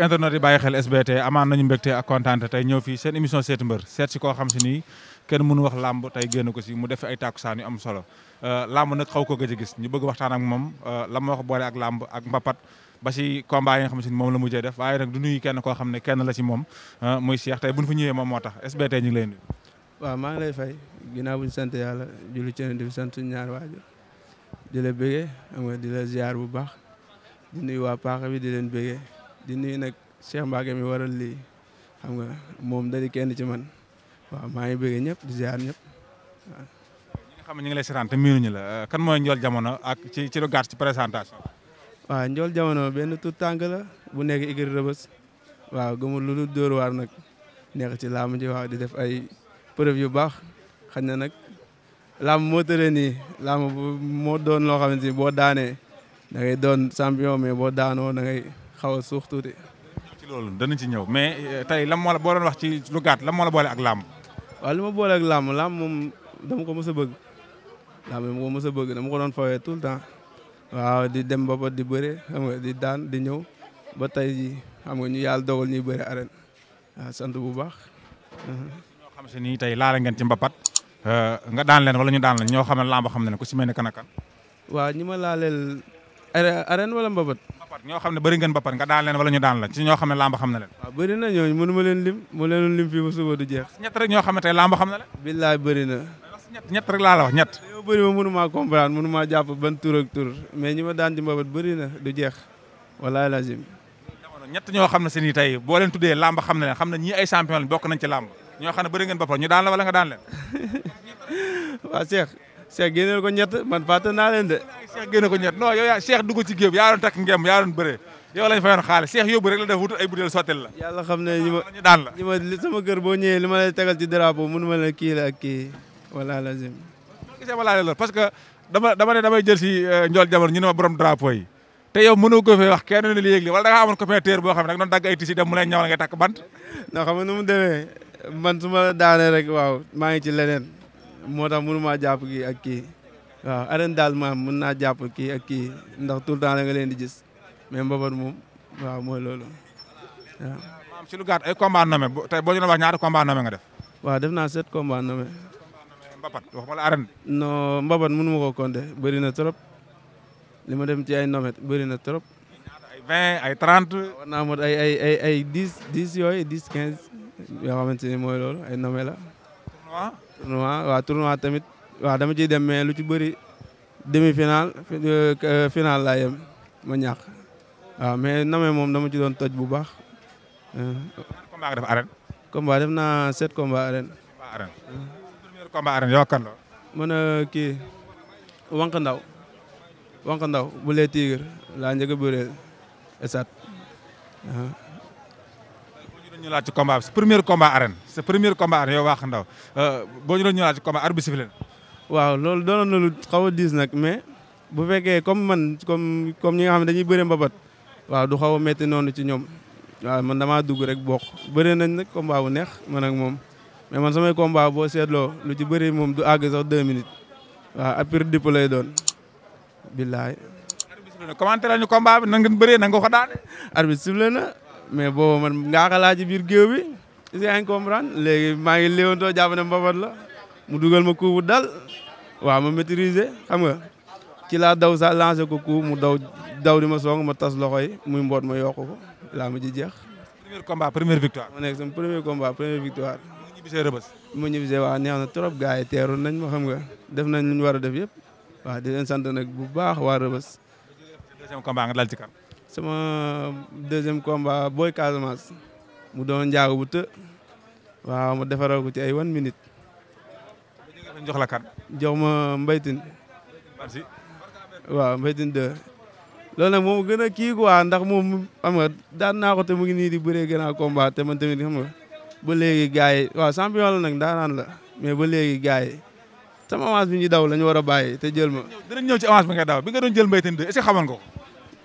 mbokk internet yi bàyyi xel SBT amaan nañu mbégte ak kontaan tey ñëw fii seen émission seeti mbër seet si koo xam si nii kenn mënu wax làmb tey génn ko si mu def ay tàkkusaan yu am solo euh, làmb nag xaw ko a gis ñu bëgg waxtaan ak moom euh, la wax boole ak làmb ak mbapat ba si combat xam si moom la mujjee def waaye nag du nuyu kenn koo xam ne kenn la si moom euh, muy Cheikh tey buñ fa ñëwee moom moo tax SBT ñu lay nuyu waaw maa ngi lay fay ginnaaw buñu sant yàlla di nuyu nag Cheikh Mbacké mi waral lii xam nga moom dadi kenn ci man waaw maa ngi bëggee ñëpp di ziar ñëpp waaw. ñi nga ñu ngi lay seetaan te miinuñu la kan mooy Ndiol Jamono ak ci ci ci présentation. waaw Ndiol Jamono benn tout tànk la bu nekk igri rëbës waaw gëmul lu dul dóor waar nag nekk ci laamu ji waaw di def ay preuve yu baax xañ na nag laamu moo tëree nii laamu moo doon loo xamante ni boo daanee da ngay doon champion mais boo daanoo xaw a suux tuuti. ci loolu danañ ci ñëw mais euh, tey lan moo la wax ci lu gàtt lan la boole ak lam waaw li ma boole ak làmb làmb moom dama ko mës a bëgg làmb dama ko mës bëgg dama ko doon fawee tout le temps waaw di dem ba di bëre xam nga di daan di ñëw ba tey jii xam nga ñu yàlla dogal ñuy bëre arène waaw bu baax. ñoo xam si ni tey laala ngeen ci mbapat euh, nga daan leen wala ñu daan leen ñoo xam ne làmb xam ne ku si mel ne kan mbapat. ñoo xam ne bëri ngeen ba par nga daan leen wala ñu daan la ci ñoo xam ne làmb xam na leen waaw bëri na ñooñu mënu ma leen lim mu leen lim fii ba suba du jeex ñett rek ñoo xam ban tur ak tur mais ñi ma daan di mbabat bëri na du jeex walaay lazim ñett ñoo xam ne seen i tey boo leen tuddee làmb xam na leen xam ne ñii ay champion bokk nañ ci làmb ñoo xam ne bëri ngeen ba par ñu daan la wala nga daan leen waa Cheikh Cheikh génneel ko ñett man fàtte naa leen de. Cheikh génne ko ñett non yow yaa Cheikh dugg ci géew yaa doon takk ngem yaa doon bëree yow lañ fayoon xaalis Cheikh yóbbu rek la def wut ay butéel sottil la. yàlla xam ne ñi ma daan la ñi ma sama kër boo ñëwee li ma lay tegal ci drapeau mënu ma la kii la ak kii wala lazim. gisee ma laaj la parce que dama dama ne damay jël si euh, njool jamono ñu ne ma borom drapeau yi te yow mënoo ko fee wax kenn ne li yëg li wala da nga amoon coopérateur boo xam ne nag noonu dagg ay tisi dem mu lay ñaw la ngay takk bant. non xam nga nu mu demee man su ma daanee rek waaw maa ngi ci leneen moo tax mënu maa jàpp kii ak kii waaw arène daal maam mën naa jàpp kii ak kii ndax tout le temps da nga leen di gis mais mbabat moom waaw mooy loolu waaw. maam si lu gàtt ay combat nommé tey boo ñu wax ñaata combat nommé nga def. waaw def naa sept combat nommé. mbabat waxuma la arène. non mbabat mënu ma ko compter bëri na trop li ma dem ci ay nommé bëri na trop. vingt ay trente. war naa mot ay ay ay ay dix dix yooyu dix quinze yoo xamante ni mooy loolu ay nommé la. tournoi waaw tournoi tamit waaw dama ciy dem mais lu ci bëri demi euh, final final laa yem ma ñàkk mais namee moom dama ci doon toj bu baax. Euh. combat nga def arène. combat def naa sept combat arène. combat arène. premier combat euh, kii Wank Ndaw. Wank Ndaw bu lee Tigre laa ñu laaj ci combat bi sa premier combat arène sa premier combat arène yow Waax Ndaw euh, boo ñu doon ñu laaj ci combat arbitre sifflé waaw loolu doonoon na lu xaw a diis nag mais bu fekkee comme man comme comme ñi nga xam ne dañuy bëre mbabat waaw du xaw a métti noonu ci ñoom waaw man damaa dugg rek bokk bëri nañ nag combat bu neex man ak moom mais man samay combat boo seetloo lu ci bëri moom du àgg sax deux minutes waaw appui dipp lay doon billaay. arbitre sifflé na commenté la ñu combat bi na ngeen bëree na nga ko daane. arbitre sifflé na. mais boobu man ngaa xalaa ci biir géew bi si yaa ngi comprendre léegi maa ngi léewantoo jàpp ne mbabat la mu dugal ma coup bu dal waaw ma maîtriser xam nga ci laa daw sa lancé ko coup mu daw daw di ma song ma tas loxo yi muy mboot ma yokk ko laa ma ji jeex. premier combat première victoire. ma nekk sama premier combat première victoire. mu ñibbisee rëbës. mu ñibbisee waa neex na trop gars yi teeru nañ ma xam nga def nañ lu ñu war a def yëpp waaw di leen sant nag bu baax waa rëbës. deuxième combat nga dal ci kan. sama deuxième combat booy Casamance mu doon njaago bu të waaw ma defaral ko ci ay one minute. jox la kat jox ma mbaytin merci waaw mbaytin de loolu nag moom gën a kii quoi ndax moom xam nga daan naa ko te mu ngi di bëree gën a te man tamit xam ba léegi gars yi waaw champion la nag daanaan la mais ba léegi gars yi sama avance bi ñu daw la ñu war a te jël ma. dinañ ñëw ci avance bi nga daw bi nga doon jël mbaytin de est-ce ko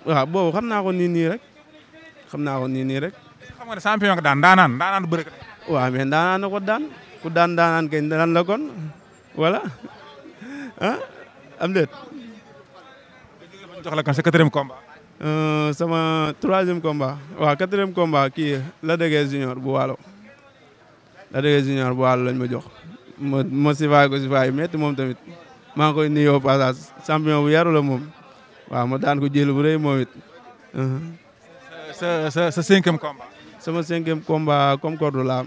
waaw boobu xam naa ko nii nii rek xam naa ko nii nii rek. xam champion nga daan daanaan daanaan du bëri. waaw mais daanaan na ko daan ku daan daanaan kay daan ah, jox la kan sa quatrième combat. Euh, sama troisième combat waaw quatrième combat kii la déggee junior bu waalo la déggee junior bu waalo lañ ma jox ma ma sifaay moom tamit maa ngi koy nuyoo passage champion bu yaru la moom. waaw ma daan ko jël bu rëy moom it. Uh-huh. sa sa sa cinquième combat. sama cinquième combat Concorde la am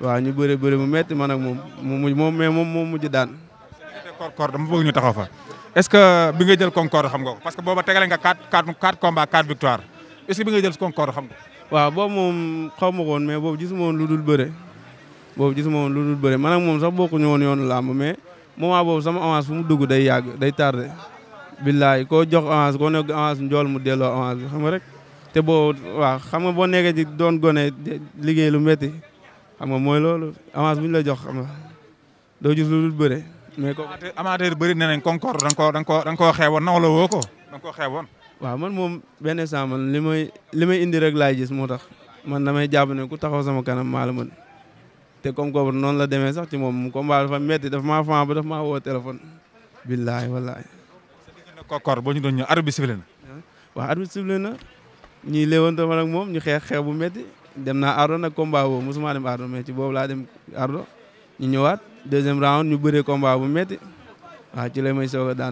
waaw ñu bëre bëre mu metti man ak moom mu moom mais moom moo mujj daan. Concorde dama bëgg ñu taxaw fa. est-ce que bi nga jël Concorde xam nga ko parce que booba tegale nga quatre quatre quatre combats quatre victoires est-ce que bi nga jël Concorde xam nga ko. waaw boobu moom xaw ma ko woon mais boobu gisuma woon lu dul bëre. boobu gisuma woon lu dul bëre man ak moom sax bokkuñu woon yoonu làmb mais moment boobu sama avance fu mu dugg day yàgg day tardé. billaay koo jox avance koo ne avance njool mu delloo avance bi xam rek te boo waaw xam nga boo nekkee ci doon gone liggéey lu meti xam nga mooy loolu avance bu ñu la jox xam nga doo lu dul bëre. mais kooku amateur bëri nee nañ Concorde da nga koo da nga koo xeeboon na wala woo ko da nga koo xeeboon. man moom benn saa man li may li may indi rek laay gis moo tax man damay jàpp ne ku taxaw sama kanam maa la mën te comme Concorde noonu la demee sax ci moom combat dafa métti dafa maa fan ba dafa maa woo téléphone. billaay kokkoor boo ñu doon ñëw arbitre bi sifflé na. waaw na ñuy léewante man ak moom ñu xeex xeex bu metti dem naa ardo nag combat boobu mosuma dem ardo mais ci boobu laa dem ardo ñu ñëwaat deuxième round ñu bëree combat bu metti waaw ci lay may soog a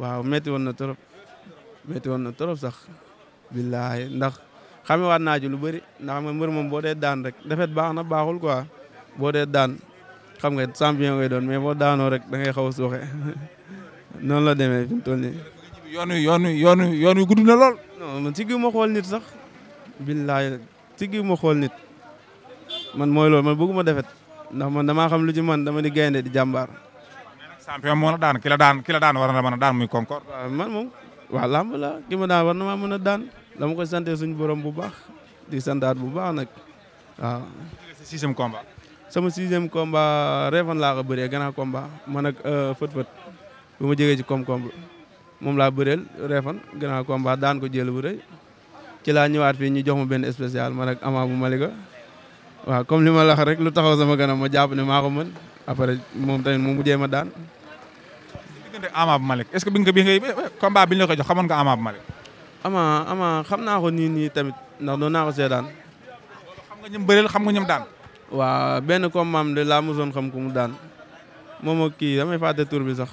waaw metti na trop metti woon na trop sax. billaahi ndax xamewaat naa ci lu bëri ndax ma mbër moom boo dee daan rek défaite baax na baaxul quoi boo dee daan. xam nga champion ngay doon mais boo daanoo rek da ngay xaw a suuxe noonu la demee fi mu yoon wi yoon wi yoon yoon wi gudd na lool. ma man siggu ma nit sax. billaay siggu ma xool nit man mooy loolu ma bëgguma defet ndax man damaa xam lu ci man dama di gaynde di jàmbaar. champion moo daan ki la daan ki la daan war na mën a daan muy Concorde. waaw waa làmb la ki ma daan war na mën a daan dama koy sante suñu borom bu baax di santaat bu baax nag waaw. sixième sama sixième komba Réfane laa ko bëree grand combat man ak euh, Fët Fët bu ma jógee ci koom-koom moom laa bëreel Réfane grand combat daan ko jël bu rëy ci laa ñëwaat fii ñu jox ma benn spécial man ak Ama bu Malika waaw comme li ma la wax rek taxaw sama kanam ma jàpp ne maa ko mën après moom ma daan. diggante Ama bu Malika est-ce bi nga bi ngay combat bi ñu ko jox xamoon nga Ama bu Malika. Ama Ama xam naa ko nii nii tamit ndax doon naa ko xam nga ñoom bëreel xam nga ñoom daan. waa benn combat am de laa mosoon xam ku mu daan moom ak kii damay fàtte tur bi sax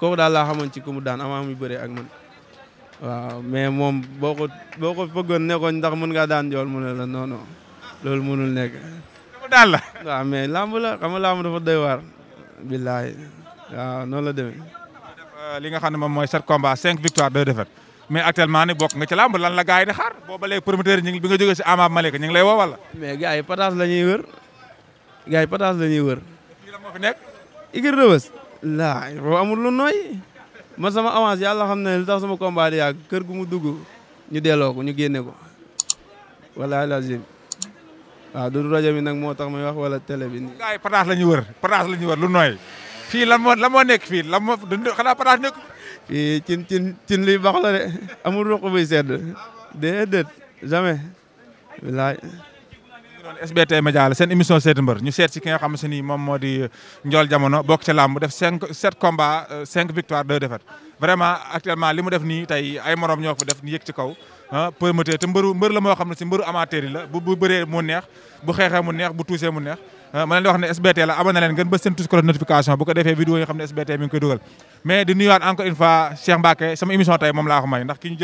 kooku daal laa xamoon ci ku mu daan avant muy bëree ak man. waaw mais moom boo ko boo ko fëggoon ne ko ndax mën ngaa daan jool mu ne la non non loolu mënul nekk. dafa daal la. waaw mais làmb la xam nga làmb dafa doy waar. la demee. Euh, li nga xam ne moom mooy sept combats cinq victoires deux mais actuellement ni bokk nga ci làmb lan la gars yi di xaar boo ba léegi promoteur yi ñu ngi bi nga jógee si Ama Malika ñu ngi lay woo wala. mais gars yi pataas la ñuy wër gars yi pataas la ñuy wër. lii la moo fi nekk. Igir Rëbës. laay boo amul lu nooy man sama avance yàlla xam ne li tax sama combat di yàgg kër gu mu dugg ñu delloo ko ñu génne ko wallaahi lazim waaw du rajo bi nag moo tax may wax wala télé bi. gars yi pataas la ñuy wër pataas la ñuy wër lu nooy fii lan moo lan moo nekk fii lan moo xanaa pataas nekk. fii eh, cin cin cin liy bax la de amul ruq buy sedd déedéet jamais bilaay SBT Média la seen émission seeti mbër ñu seet si ki nga xam se ni moom moo di eh, njool jamono bokk ci làmb def cinq sept combats eh, cinq victoires deux défaites vraiment actuellement li mu def nii tey ay morom ñoo ko def ni yëg ci kaw ah promoteur te mbëru mbër la moo xam ne si mbëru amateur yi la bu bu bëree mu neex bu xeexee mu neex bu tousee mu neex Ah, ma leen di wax ne SBT la abonné leen ngeen ba seen notification bu ko defee vidéo yi nga SBT mi koy dugal mais di encore une fois Cheikh sama émission tey moom laa ko may ndax ki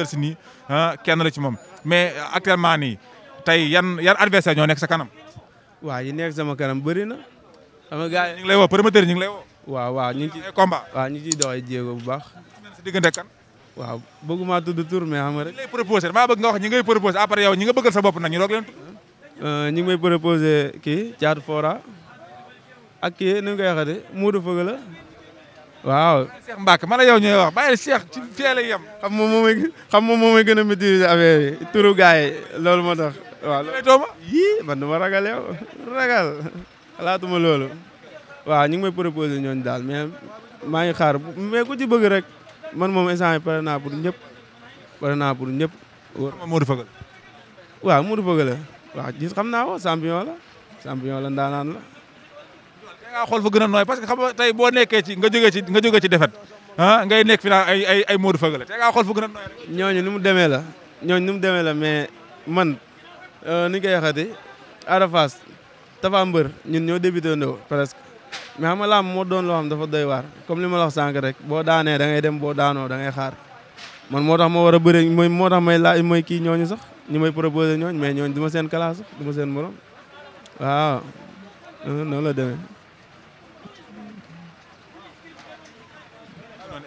ah, euh, tey yan yan adversaire ñoo nekk sa kanam waaw yi nekk sama kanam bëri na xam lay woo promoteur ñu ngi lay woo waaw waaw ñu ngi ci combat waaw ñu ngi ciy doxee jéego bu baax sa diggante kan waaw lay proposé damaa bëgg nga nga bëggal sa bopp nag ñu leen Euh, ñu ngi may proposé kii Thiatou Fora ak kii nu ñu koy waxatee Moodu la waaw. Cheikh Mbacke man ak yow ñooy wax bàyyi Cheikh ci fee xam moom moo may gën a maîtriser affaire loolu moo tax. waaw loolu yii man dama ragal ragal xalaatuma loolu. ñu ngi may proposé ñooñu daal mais maa ngi xaar mais ci bëgg rek man moom instant yi pare naa naa pour ñëpp. waaw gis xam naa ko champion la champion la ndaanaan la. da ngaa xool fa gën a parce que xam nga tey boo nekkee ci nga jógee ci nga jógee ci defet ah ngay nekk fi ay ay ay Modou Feugeule da ngaa xool fa gën a nooy rek. ni mu demee la ñooñu ni mu demee la mais man euh, ni ñu koy waxati Arafas Tafa Mbër ñun ñoo débuté ndoo presque mais xam nga laam moo doon loo xam dafa doy waar comme li ma la wax sànq rek boo daanee da ngay dem boo daanoo da ngay xaar man moo tax ma war a mooy moo tax may laaj mooy kii ñooñu sax. ñi may proposé ñooñ mais ñooñ du ma seen classe du ma seen morom waaw noonu la demee.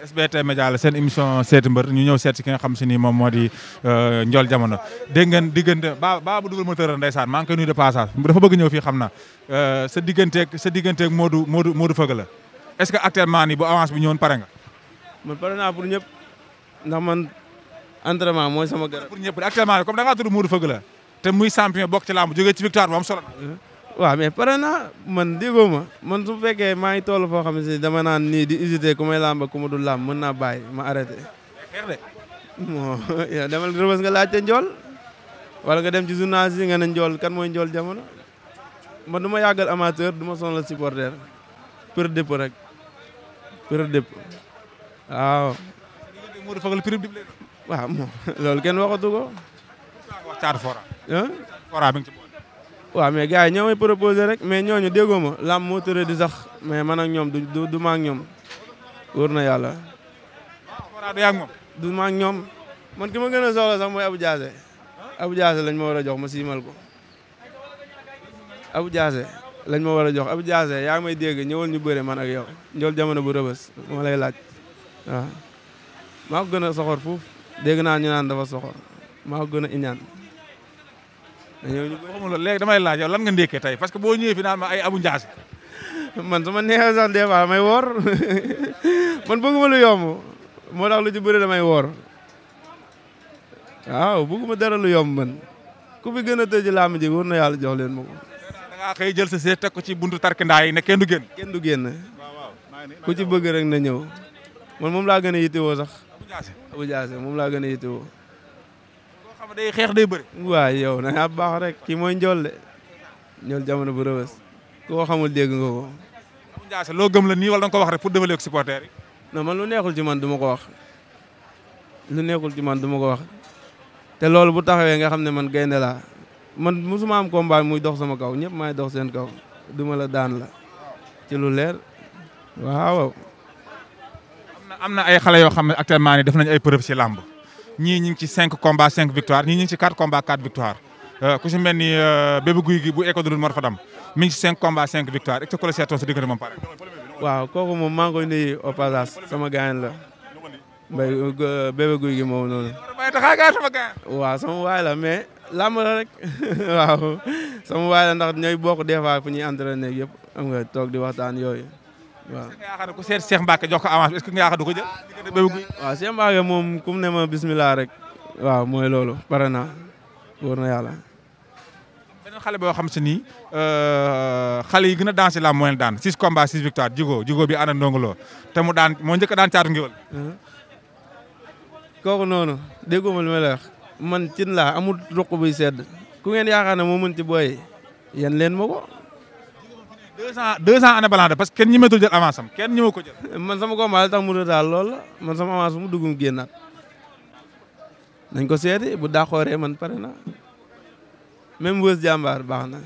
SBT Média la seen émission seeti mbër ñu ñëw seet si ki nga xam si ni moom moo di euh, Ndiol Diamono dégg ngeen diggante ba baa bu dugal ma tëral ndeysaan maa ngi koy nuyu de passage dafa bëgg ñëw fii xam na euh, sa digganteeg sa digganteeg Modou Modou Modou Feugue la est-ce que actuellement nii bu avance bi ñëwoon pare nga. man pare naa pour ñëpp entrement mooy sama garab. pour ñëpp actuellement comme da ngaa tudd Modou Feugue la te muy champion bokk ci làmb jógee ci victoire bu am solo. waaw mais pare na man déggoo ma. man su fekkee maa ngi toll foo xam ne si dama naan nii di hésiter ku may làmb ku ma dul làmb mën naa bàyyi ma arrêté. bon yow demal rëbës nga laajte njool wala nga dem ci journaliste yi nga ne njool kan mooy njool jamono man du ma yàggal amateur du ma sonal supporter për dëpp rek për dëpp waaw. waaw loolu kenn waxatu ko. caatu fora. fora bi nga ci boole. waaw yi ñoo may proposé rek mais ñooñu déggoo ma lamb moo tëree di mais man ak ñoom du du du ma ak ñoom wóor na yàlla. Ah, fora du yàgg moom. ma ak ñoom man ki ma gën a soxla sax mooy Abou Diassé. lañ ma war a jox ma siimal ko lañ ma war a jox Abou Diassé yaa may dégg ñëwal ñu bëre man ak yow njool jamono bu rëbës laaj dégg naa ñu naan dafa soxor maa gën a iñaan dañoo ñu xamul léegi damay laaj yow lan nga ndékkee tey parce que boo ñëwee fi ay abu man su ma neexee sax des fois may woor man bëgguma lu yomb moo tax lu ci damay woor waaw bëgguma dara lu yomb man ku fi gën a tëj laa ma ji war na yàlla jox leen ma ko. da ngaa xëy see teg ko ci buntu tarkindaa yi ne kenn du génn. kenn du génn ku ci bëgg rek na ñëw man moom laa gën a yittewoo Abou Diassé moom laa gën a yittewoo. koo xam day xeex day bëri. waaw yow na nga baax rek kii mooy njool de ñool jamono bu rëbës koo xamul dégg nga ko. Abou Diassé loo gëm la nii wala da ko wax pour dévaler ko supporter yi. non man lu neexul ci man du ko wax lu neexul ci man du ma ko wax te loolu bu taxawee nga xam ne man gaynde laa man mosuma am combat muy dox sama kaw ñëpp maay dox seen kaw duma la daan la ci lu leer am na ay xale yoo xam ne actuellement nii def nañu ay preuve ci làmb ñii ñu ngi ci 5 combats 5 victoire ñii ñu ngi ci 4 combats 4 victoire euh, ku si mel ni euh, bébé guy gi bu école Mor Fadam mi ngi ci 5 cinq 5 victoire et colo seetoon sa diggante moom pare. waaw kooku moom maa ngi koy nuyu sama gaañ la mbay euh, bébé guy gi moom noonu. la mais làmb sama waay ndax ñooy bokk des fois fu ñuy entraîné yëpp am nga toog di yooyu. waaw est-ce que nga yaakaar ne ku seet Cheikh Mbacke jox ko avance est nga yaakaar du ko jël. waaw Cheikh Mbacke moom kum ne ma bismillah mooy loolu pare na na yàlla. beneen xale boo xam si ni euh, xale yi gën a dansé la moyenne daan 6 combats 6 victoires Djigo Djigo bi ànd ndongolo te daan moo njëkk a daan caatu ngiwal. kooku noonu déggoo ma li may man cin laa amul roq buy sedd ku ngeen yaakaar ne moo mën ci booy leen ma deux ans deux ans année balance parce que kenn ñemeetul jël avance am kenn ñëwee ko jël. man sama combat tax mu daal lool la man sama avance bu mu dugg mu génnaat nañ ko seeti bu daaxooree man pare na même wës jàmbaar baax na. wës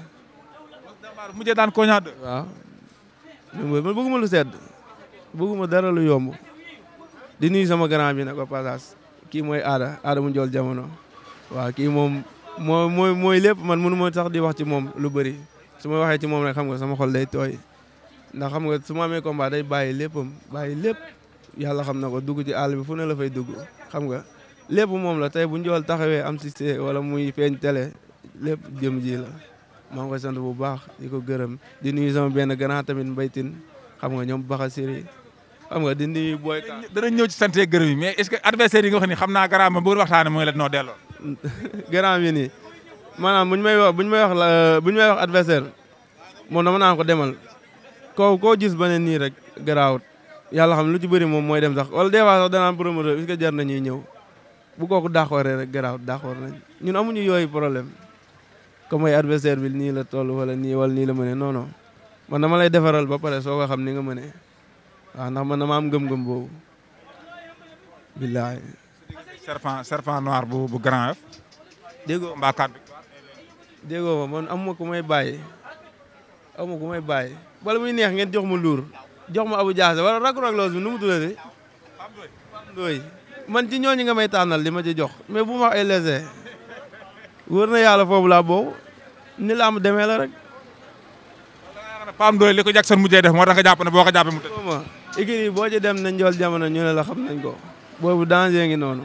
jàmbaar bu mujjee daan koo ñaar dëgg. waaw même wës man bëgguma lu sedd bëgguma dara lu yomb di nuyu sama grand bi nag au passage kii mooy aada aada mu njool jamono waaw kii moom mooy mooy lépp man mënu ma sax di wax ci moom lu bëri. su ma waxee ci moom rek xam nga sama xol day tooy ndax xam nga su ma amee combat day bàyyi léppam bàyyi lépp yàlla xam na ko dugg ci àll bi fu ne la fay dugg xam nga lépp moom la tey bu njool taxawee am si wala muy feeñ télé lépp jëm ji la maa ngi koy bu baax di ko gërëm di nuyu sama benn grand tamit mbaytin xam nga ñoom baxa siri xam nga di nuyu booy ka danañ ñëw ci sant gërëm yi mais est-ce que adversaire yi nga xam naa grand ba bu waxtaanee mooy la noo delloo. maanaam buñ may wax buñ may wax euh, buñ may wax adversaire moom dama naan ko demal koo gis ba ne nii rek garaawut yàlla xam lu ci bëri moom mooy dem sax wala des fois sax danaan promoteur est-ce que jar nañuy ñëw bu kooku daaxooree rek garaawut daaxoor na ñun amuñu yooyu problème comme ay adversaire bi nii la toll wala nii wala nii la mënee non non man dama lay defaral ba pare soo ko xam ni nga mënee waaw ndax man dama am gëm-gëm boobu billaay serpent serpent noir bu bu grand dégg nga déggoo ma man amuma ku may bàyyi amuma ku may bàyyi wala muy neex ngeen jox ma luur jox abu jaase wala rag nu mu tuddati ndooy man ci ñooñu nga may tànnal li ma ci jox mais bu ma ay lésé wër na yàlla foofu laa boobu ni la am demee la rek Pam Ndoye li ko Jackson mujjee def moo tax nga jàpp ne boo ko jàppee mu tëj. ikiri boo dem na njool jamono ñu ne la xam nañ ko boobu danger ngi noonu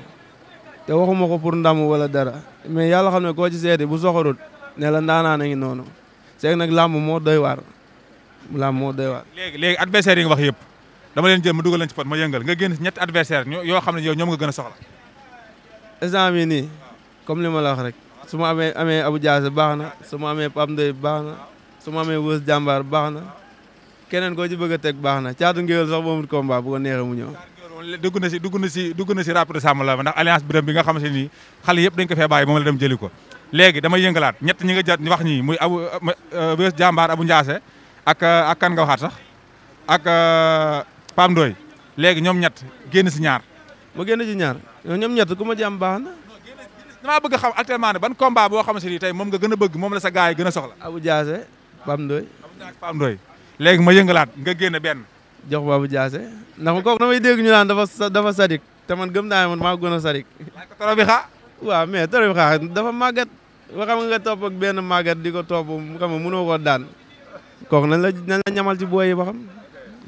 te waxuma ko pour ndam wala dara mais yàlla xam ne koo ci seeti bu soxorut ne la ndaanaan a ngi noonu seeg nag làmb moo doy waar làmb moo doy léegi léegi adversaire yi nga wax yëpp dama leen jël ma dugal leen ci pot ma yëngal nga génn ñetti adversaire yoo xam ne yow ñoom nga gën a yi nii comme li ma la wax rek su ma amee amee Abou Diassé baax na su ma amee Pape Ndoye baax na su ma amee Wës Jàmbaar baax na keneen koo ci bëgg a teg baax na caatu ngéwél sax boobu combat bu ko neexee mu ñëw. dugg na si dugg na si dugg na si rapide sàmm la ndax alliance biram nga xam ne nii xale yëpp dañ ko fee bàyyi moom la ko léegi damay yëngalaat ñett ñi nga jot wax ñii muy abu euh, wees jàmbaar abu Ndiasse ak euh, ak kan nga waxaat sax ak euh, Pam Ndoy léegi ñoom ñett génn si ñaar. ma génn si ñaar ñoom ñet ku ma jàmm baax na. bëgg xam actuellement ne ban combat boo xam si ni tey moom nga gën a bëgg moom la sa gars gën a soxla. abu Ndiasse Pam Ndoy. Pam léegi ma yëngalaat nga génn benn. jox ko abu Ndiasse ndax kooku damay dégg ñu naan dafa sadik te man gëm naa ne man maa gën a sadik. waaw mais trop dafa màggat ba xam nga topp ak benn màggat di ko topp mu xam nga mënoo koo daan kook nañ la nañ la ñamal ci booy yi ba xam.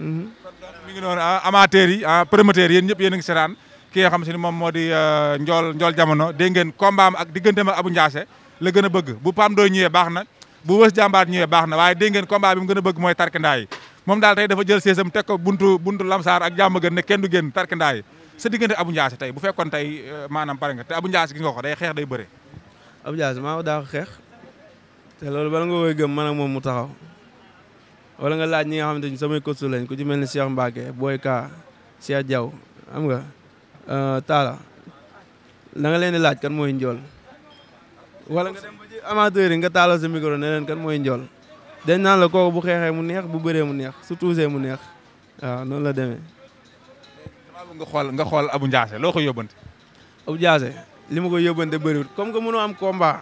Mhm. mi ngi noonu ah, amateurs yi ah, promoteurs yéen ñëpp yéen a ngi seetaan ki nga xam si ne moom moo di euh, njool njool jamono dégg ngeen kombaam ak digganteem ak Abou Ndiassé la gën a bëgg bu Pam doy ñëwee baax na bu wës jàmbaat ñëwee baax na waaye dégg ngeen combat bi mu gën a bëgg mooy tarkindaa yi moom daal tey dafa jël seesam teg ko buntu lamsaar ak jàmm gën ne kenn du génn tarkindaa yi sa diggante Abou Ndiassé tey bu fekkoon tey euh, maanaam pare nga te Abou Ndiassé gis nga ko day day bëre ab jaas maa ko daa ko xeex loolu bala nga koy gëm man ak moom mu taxaw wala nga laaj ñi nga xamante ni samay coach lañ ku ci mel ni Cheikh Mbacke Boy Ka Cheikh Diaw xam nga euh, Talla da leen di laaj kan mooy njool wala nga dem yi nga taalal sa micro ne leen kan mooy njool dañ naan la kooku bu xeexee mu neex bu bëree mu neex su tuusee mu neex waaw noonu la demee. nga xool nga xool Abou Ndiassé loo koy yóbbante. Abou li ma koy yóbbante bëriwul comme que mënoo am combat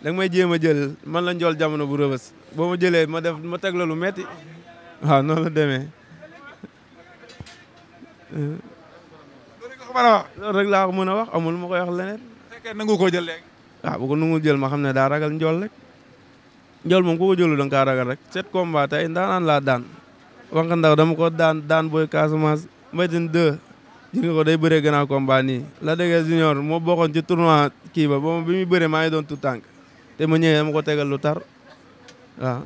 da nga may jéem a jël man la njool jamono bu rëbës boo ma jëlee ma def ma teg la lu metti waaw noonu la demee. loolu rek laa ko mën a wax amul ma koy wax leneen. fekkee nangu koo jël léegi. waaw ah, bu ko nangu jël ma xam ne daa ragal njool rek. njool moom ko jëlu da nga rek sept combat laa daan. wànq ndaw dama ko daan daan booy Casamance mbaytin gis nga ko day bëree grand combat nii la dégee junior moo bokkoon ci tournoi kii ba ba bi muy bëree maa ngi doon tout tànk te ma ñëwee dama ko tegal lu tar waaw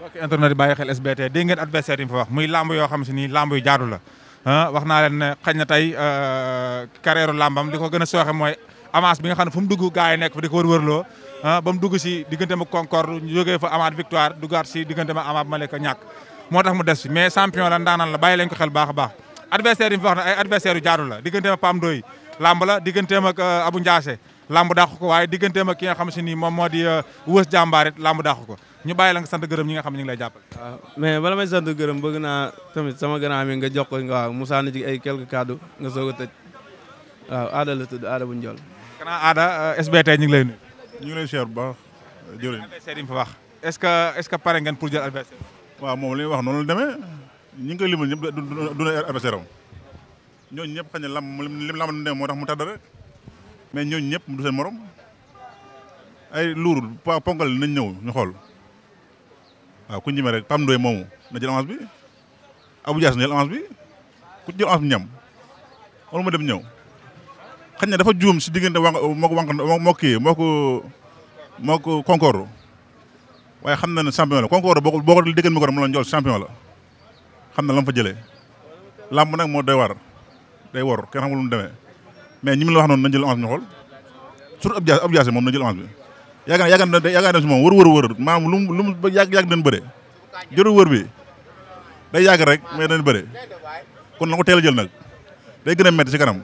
mbokki internet yi bàyyi xel SBT dégg ngeen adversaire mu fa wax muy lamb yoo xam si nii yu jaadu la ah, wax naa leen ne xañ na tey euh, carrière lambam li ko gën a sooxe mooy avance bi nga xam ne fu mu dugg gars yi nekk fa di ko wërwërloo ah, ba mu dugg si diggante ma Concorde ñu jógee fa amaat victoire duggaat si diggante ma amaat Malika ñàkk moo tax mu des mais champion la ndaanaan la bàyyi leen ko xel baax a baax adversaire yi mu fi wax ne ay adversaire yu jaadu la digganteem ak Pam Doy lamb la digganteem ak euh, ko waaye digganteem ak ki nga xam si ni moom moo di wës jàmbaar it lamb dàq ko ñu bàyyi la nga sant gërëm ñi nga xam ne ñu ngi lay jàppale. waaw ah, mais bala may sant gërëm bëgg naa tamit sama grand mi nga jox ko nga waaw Moussa na nga soog a tëj waaw aada la tudd aada bu njool. kanaa euh, ñu ngi lay nuyu. ñu ngi lay cher bu baax jërëjëf. adversaire yi mu fa wax ce que est ce que pare ngeen pour jël adversaire. waaw moom li ñi ngi koy limal ñëpp du du adversaire am ñooñu ñëpp xëy na lam lim lam ne moo tax mu mais ñooñu ñëpp du seen morom ay luur ponkal nañ ñëw ñu xool waaw ku ñime rek Pam Ndoye moomu na jël avance bi Abou na jël avance bi ku jël avance bi ñam wala ma dem ñëw xëy na dafa juum si diggante wànq moo ko moo kii moo ko moo ko waaye xam na ne champion la concord boo ko boo ko déggan mi ko rek mu la njool champion la xam na la mu fa jëlee làmb nag moo day war day wor kenn xamul lu mu deme mais ñi mu la wax noonu nañ jël avance bi ñu moom nañ jël avance bi yaaga yaaga na yaaga dem si moom wër wër wër maanaam lu mu lu mu yàgg yàgg dañ bëre jërul wër bi day yàgg rek mais dañ bëre kon na ko teel a jël nag day gën a métti ci kanam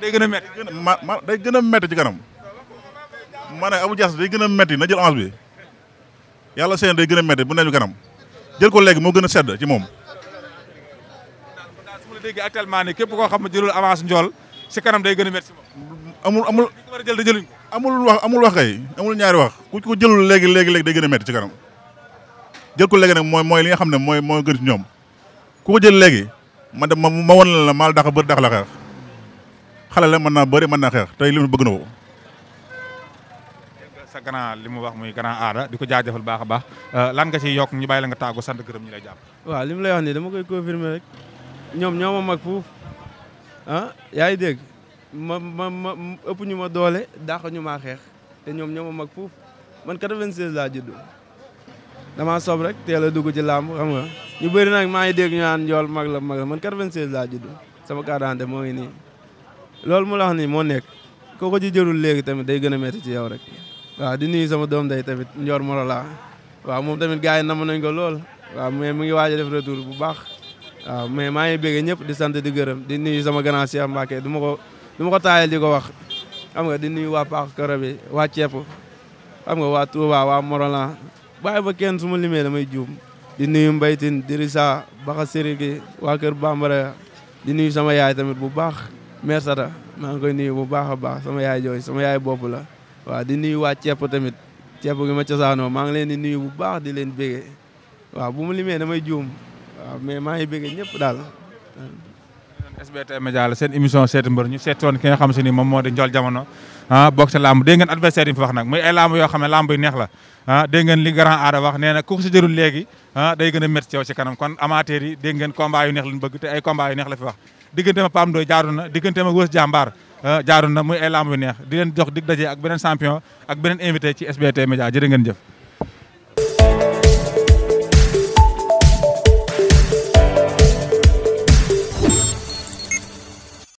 day gën a métti day gën a métti ci kanam ma ne Abou Diass day na jël avance bi yàlla seen day gën a métti bu neñu kanam jël ko léegi moo gën a sedd ci moom. su ma la déggee képp koo xam ne jëlul avance njool si kanam day gën a métti amul amul jël da jëluñ ko wax kay amul ñaari wax ku ko jëlul léegi léegi léegi day gën a métti ci kanam jël ko léegi nag mooy mooy li nga xam ne mooy mooy gën ñoom ku jël léegi ma dem ma ma won la maal dax bëri dax la xeex xale la mën naa bëri mën naa xeex tey li mu bëgg na ko grand li mu wax muy grand aada di ko jaajëfal baax a baax euh, lan nga ciy yokk ñu bàyyi la nga tàggu sant gërëm ñi lay jàpp. waaw li mu lay wax nii dama koy confirmer rek ñoom ñoo ma mag fuuf ah yaa ngi dégg ma ma ma ëpp ñu ma doole dàq ñu maa xeex te ñoom ñoo ma mag fuuf man 96 laa judd damaa sob rek teel a dugg ci làmb xam nga ñu bëri nag maa ngi dégg ñu naan mag la mag la man 96 laa judd sama carte moo ngi nii loolu mu la wax moo nekk koo ko léegi tamit day gën a métti ci yow rek waaw di nuyu sama doom day tamit Ndior Morola waaw moom tamit gars yi nam nañ ko lool mais mu ngi waaj a def retour bu baax mais maa ngi bëggee ñëpp di sant di gërëm di nuyu sama grand Cheikh Mbacke du ma ko du ma ko taayal di ko wax xam di nuyu waa Paax Koro bi waa Ceep xam nga waa Touba waa Morola bàyyi ba kenn su ma limee damay juum di nuyu mbaytin dirisa baxa sérigi waa kër bambara di nuyu sama yaay tamit bu baax mère Sata maa ngi koy nuyu bu baax a baax sama yaay jooy sama yaay bopp la waaw di nuyu waa ceeb tamit ceeb gi ma cosaanoo maa ngi leen di nuyu bu baax di leen bége waaw bu mu limee damay juum waaw mais maa ngi bége ñëpp daal SBT Média la seen émission seeti mbër ñu seetoon ki nga xam si ni moom moo di Ndiol Diamono ah bokk sa lamb dégg ngeen adversaire yi fi wax nag muy ay lamb yoo xam ne lamb yu neex la ah dégg ngeen li grand aada wax nee na ku si jërul léegi ah day gën a métti ci yow kanam kon amateur yi ngeen combat yu neex la fi wax diggante ma Pam Ndoy na diggante ma Wës Jàmbaar ah, jaaru na muy ay lamb yu neex di leen jox dig daje ak beneen champion ak beneen invité ci SBT Média jërë